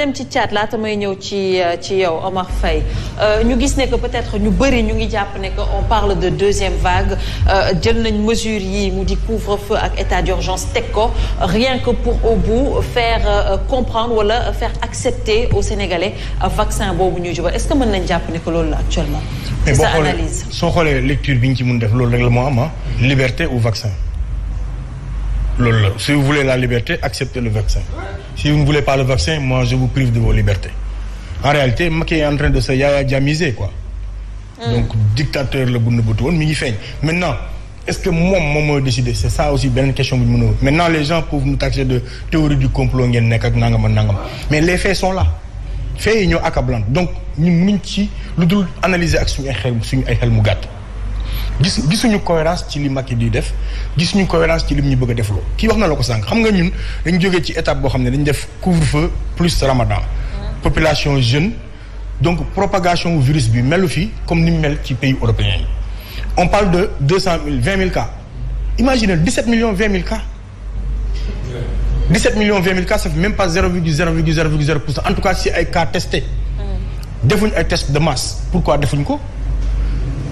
dem ci Tchad laata may ñëw ci euh, ci yow Omar Faye euh, ñu gis ne que peut-être ñu bëri ñu ngi jàpp ne que on parle de deuxième vague euh, jël nañ mesures yi mu di couvre-feu ak état d'urgence teg ko rien que pour au bout faire comprendre wala faire accepter aux Sénégalais vaccin boobu ñuy jubal est-ce que mën nañ jàpp ne que loolu la actuellement. sa xoolee soo xoolee lecture bi ñu ci mun def loolu rek la moo am liberté ou vaccin. loolu la si vous voulez la liberté acceptez le vaccin si vous ne voulez pas le vaccin moi je vous prive de vos libertés en réalité Macky est en train de se yaaya jamiser quoi mm. donc dictateur la bu nëbbatu woon mi ngi feeñ maintenant est-ce que moom moom mooy décider c'est ça aussi beneen question bu ñu a wut maintenant les gens peuvent nous taxer de théorie du complot ngeen nekk ak nangam ak mais les faits sont là faits yi ñoo accablant donc ñun mënuñ ci lu dul analyser ak suñu ay suñu ay xel gis gisuñu cohérence ci li ki di def gisuñu cohérence ci li ñu bëgg a defloo kii wax na la ko sànq xam nga ñun dañ jógee ci étape boo xam ne dañ def couvre-feu plus ramadan mm. population jeune donc propagation virus bi melu fii comme ni mu mel ci pays européens yi on parle de cent mille vingt mille cas imaginez dix sept millions vingt mille cas dix sept millions vingt mille cas ça fait même pas zéro virgule zéro virgule zéro virgule en tout cas si ay cas testés mm. defuñ ay test de masse pourquoi defuñ ko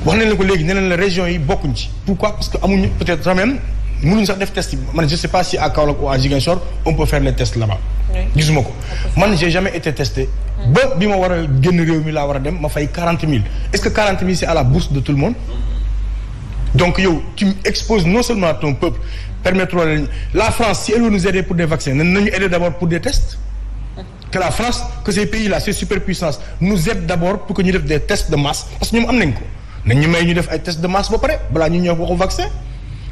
wax nañ la ko léegi nee nañ la région yi bokkuñ ci pourquoi parce que amuñu peut-être quand même mënuñ je sais pas si à Kaolack ou à Ziguinchor on peut faire les tests là-bas ko man j'ai jamais été testé ba bi ma war a génn réew mi laa war a dem ma fay quarante mille est-ce que quarante mille c'est à la bourse de tout le monde donc yow tu exposes non seulement ton peuple permettre lañ la France si elle nous aider pour des vaccins nañu aider d'abord pour des tests que la France que ces pays-là ces ñu def des tests de masse parce que nañ ñu may ñu def ay test de masse ba pare balaa ñu ñëw waxu vaccin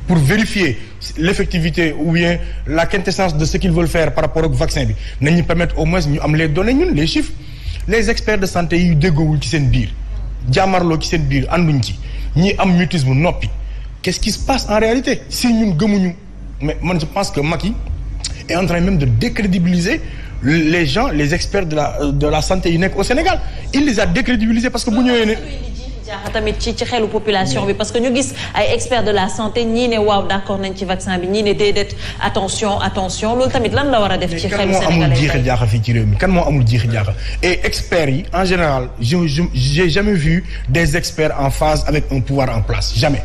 pour vérifier l'effectivité ou bien la quintessence de ce qu'ils veulent faire par rapport ak vaccin bi nañ ñu permettre au moins ñu am les données ñun les chiffres les experts de santé yu déggoowul ci seen biir jaamarloo ci seen biir ànduñ ci ñi am mutisme noppi qu'est-ce qui se passe en réalité si ñun gëmuñu mais man je pense que Macky est en train même de décrédibiliser les gen les experts de la nekk au Sénégal il les a parce que bu ñëwee ne jaaxa tamit ci ci xelu population bi parce que ñu gis ay experts de la santé ñii ne waaw d'accord nañ ci vaccin bi ñii ne déedéet attention attention loolu tamit lan la war a def ci xelu sénégalais kan moo amul jiixi jaaxa fii ci kan moo amul jiixi jaaxa et experts yi en général je j'ai jamais vu des experts en phase avec un pouvoir en place jamais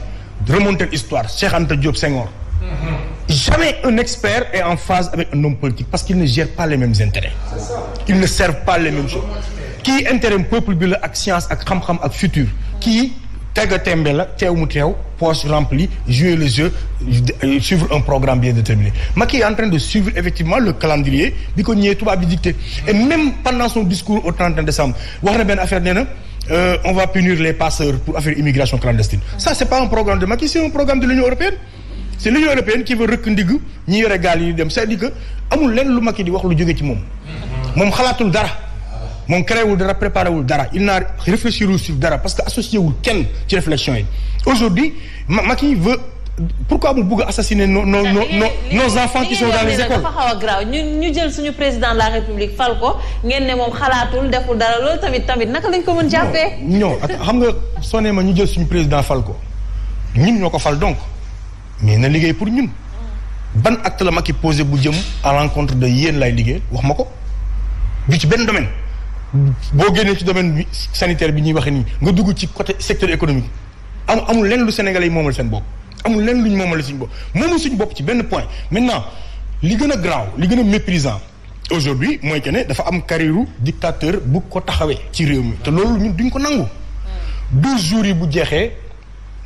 remonter l'histoire Cheikh Anta Diop Senghor mm-hmm. jamais en phase avec un homme politique parce qu'il ne gère pas les mêmes intérêts ils ne servent pas les mêmes choses kii intérêt peuple bi la ak science ak xam-xam ak futur kii teg a tembe la teew mu teew poche remplie jouer le jeu suivre un programme bien déterminé Macky est en train de suivre effectivement le calendrier bi ko ñëwee tubaab bi dicté et même pendant son discours au décembre wax na benn affaire nee na Euh, on va punir les passeurs pour affaire immigration clandestine ça c'est pas un programme de Macky c'est un programme de l'Union européenne c'est l'Union européenne lu Macky di wax lu jóge ci moom moom créé wul dara préparé wul dara il n'a réfléchi wul sur dara parce que associé wul kenn ci réflexion yi aujourd'hui Macky veut pourquoi mu bëgg a assassiner nos nos nos nos enfants qui sont dans les écoles dafa xaw a graaw ñu ñu jël suñu président de la république fal ko ngeen ne moom xalaatul deful dara loolu tamit tamit naka lañ ko mën jàppee. non xam nga soo nee ma ñu jël suñu président fal ko ñun ñoo ko fal donc mais na liggéey pour ñun. ban acte la Macky posé bu jëm à l'encontre de yéen lay liggéey wax ma ko du ci benn domaine. boo génnee ci domaine bi sanitaire bi ñuy waxee nii nga dugg ci côté secteur économique am amul lenn lu Sénégalais yi moomal seen bopp amul lenn lu ñu moomal suñu bopp moomul suñu bopp ci benn point maintenant li gën a graaw li gën a méprisant aujourd'hui mooy que ne dafa am carrière dictateur bu ko taxawee ci réew mi te loolu ñun duñ ko nangu douze jours yi bu jeexee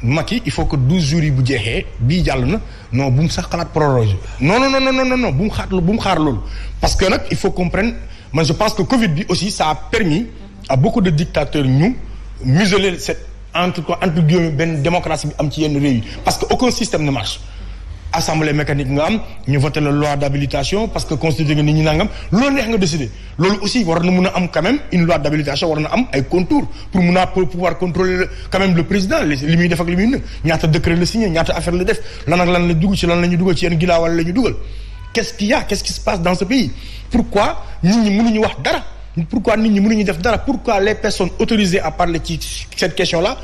Macky il faut que douze jours yi bu jeexee bii jàll na non bu mu sax xalaat proroger non non non non non non bu mu xaar bu mu xaar loolu parce que nag il faut comprendre man je pense que Covid bi aussi ça a permis à beaucoup de dictateurs ñu museler cette entre quoi entre guillemets benn démocratie bi am ci yenn réew yi parce que aucun système ne marche. assemblée mécanique nga am ñu voté la loi d'habilitation parce que constitué nga nit ñi nangam loolu neex nga décidé loolu aussi war na mun a am quand une loi d'habilitation war na am ay contours pour mun a pour pouvoir contrôler quand même le président li muy def ak ñu dugal ci yenn gilaawal la ñu qu'est-ce qu'il y a qui se passe dans ce pays pourquoi nit ñi mënuñu wax dara pourquoi nit ñi mënuñu def dara pourquoi les personnes autorisées à parler cette question là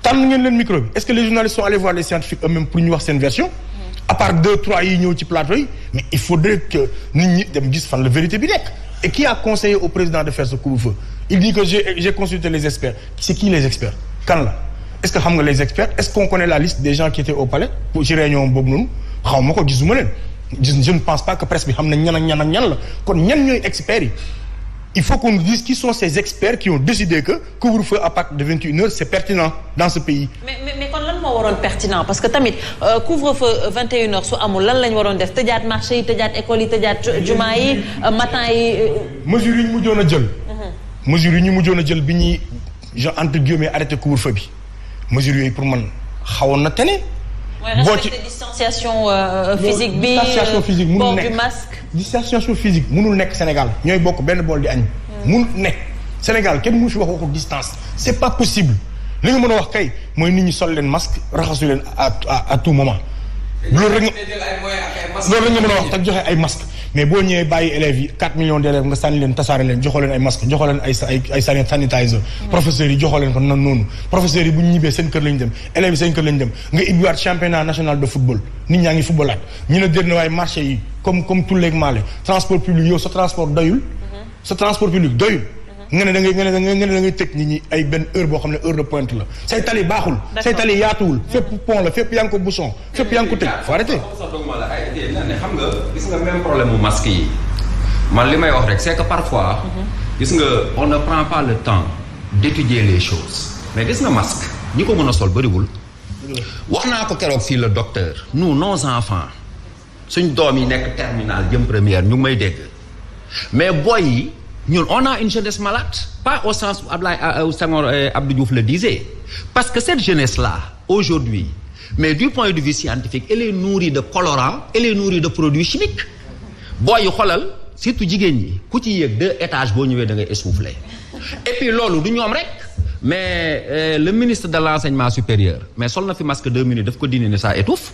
tànn ngeen leen est-ce que les journalistes sont allés voir les scientifiques eux-mêmes pour ñu wax seen version mm-hmm. à part deux trois yi ñëw ci plateau mais il faudrait que nit dem gis fan la vérité bi nekk et qui a conseillé au président de faire ce couvre-feu il qu'on connaît la liste des gens qui je ne pense pas que presse bi xam nañ ñan ak ñan la kon ñan ñooy experts yi il faut qu'on nous dise ces experts qui ont décidé que couvre-feu à partir de 21 c'est pertinent dans ce pays. mais mais mais kon lan moo waroon pertinent parce que tamit euh, couvre-feu 21 euh, su amul lan la ñu waroon def tëjaat marché yi tëjaat école yi tëjaat jumaa yi euh, matin yi. mesures yi ñu mujjoon a jël. Mhm. mesures yi ñu mujjoon jël bi ñuy je entre guillemets arrêté couvre na tene. boo ci distanciation euh, euh, physique bi distanciation physique euh, munul nekk masque. distanciation physique munul nekk Sénégal ñooy bokk benn bool di añ. Hmm. munul nekk Sénégal kenn mënu fi wax waxu distance c'est pas possible li nga mën a wax kay mooy nit ñi sol leen masque raxasu leen à à tout moment. loolu rek nga loolu rek nga a wax te joxe ay masque mais boo ñëwee bàyyi élèves yi 4 millions d' élèves nga sànni leen tasaare leen joxoo leen ay masque joxoo leen ay ay ay mm. yi joxoo leen ko noonu professeurs yi bu ñibbee seen kër lañu dem élèves yi seen kër lañu dem nga ibbiwaat championnat national de football nit ñaa ngi footballaat ñu ne dér marché yi comme comme tout leeg maale transport public yow sa transport doyul mm-hmm. sa transport public doyul nga ne da ngay nga ne da ngay nga ne da ngay tëj nit ñi ay benn heure boo xam ne heure de pointe la say tali baaxul. say tali yaatuwul. fépp pont la fépp yaa ngi ko bouchon fépp yaa ngi ko tëj. faut arrêter. xam nga gis nga même problème mu masque yi man li may wax rek c'est que parfois. gis nga on ne prend pas le temps d'étudier les choses mais gis nga masque ñi ko mën a sol bëriwul. wax naa ko keroog fii le docteur nous nos enfants suñ doom yi nekk terminal jëm première ñu ngi may dégg mais boy yi ñun on a une jeunesse malade pas au sens où Abdoulaye euh, Senghor euh, Abdou Diouf le disait parce que cette jeunesse la aujourd'hui mais du point de vue scientifique elle est nouri de colorants elle est nourrie de produits chimiques boo yu xolal surtout jigéen ñi ku ci yéeg deux étages boo ñëwee da ngay essoufflé et puis loolu du ñoom rek. mais euh, le ministre de l'enseignement supérieur mais sol na fi masque deux minutes daf ko dindi ne ça étouffe.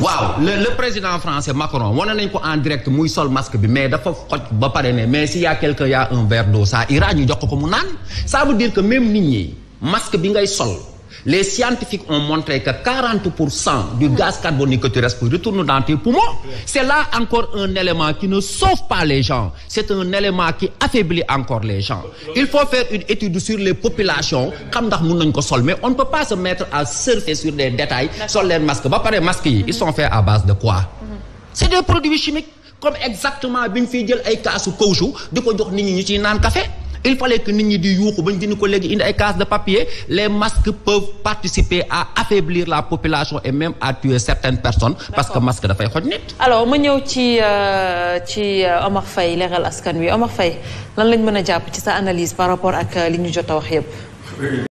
waaw le le président français Macron wane nañ ko en direct muy sol masque bi mais dafa xoj ba pare ne mais s'il y a quelqu'un y un verre d'eau ça ira jox ko mu naan ça veut dire que même nit ñi masque bi ngay sol. les scientifiques ont montré que 40 pour cent du gaz carbonique que tu respires retourne dans tes poumons. C'est là encore un élément qui ne sauve pas les gens. C'est un élément qui affaiblit encore les gens. Il faut faire une étude sur les populations xam ndax mën ko sol mais on ne peut pas se mettre à surfer sur des détails sol masque ba masque yi ils sont faits à base de quoi mm-hmm. c'est des produits chimiques comme exactement bi ñu fiy jël ay il fallait que nit ñi di yuuxu bañ ñu dindi ko léegi indi ay cases de papier les masques peuvent participer à affaiblir la population et même à tuer certaines personnes. parce que masque dafay xoj nit. alors ma ñëw ci euh, ci euh, Omar Faye leeral askan wi Omar fay lan lañ mën a jàpp ci sa analyse par rapport ak euh, li ñu jot a wax yépp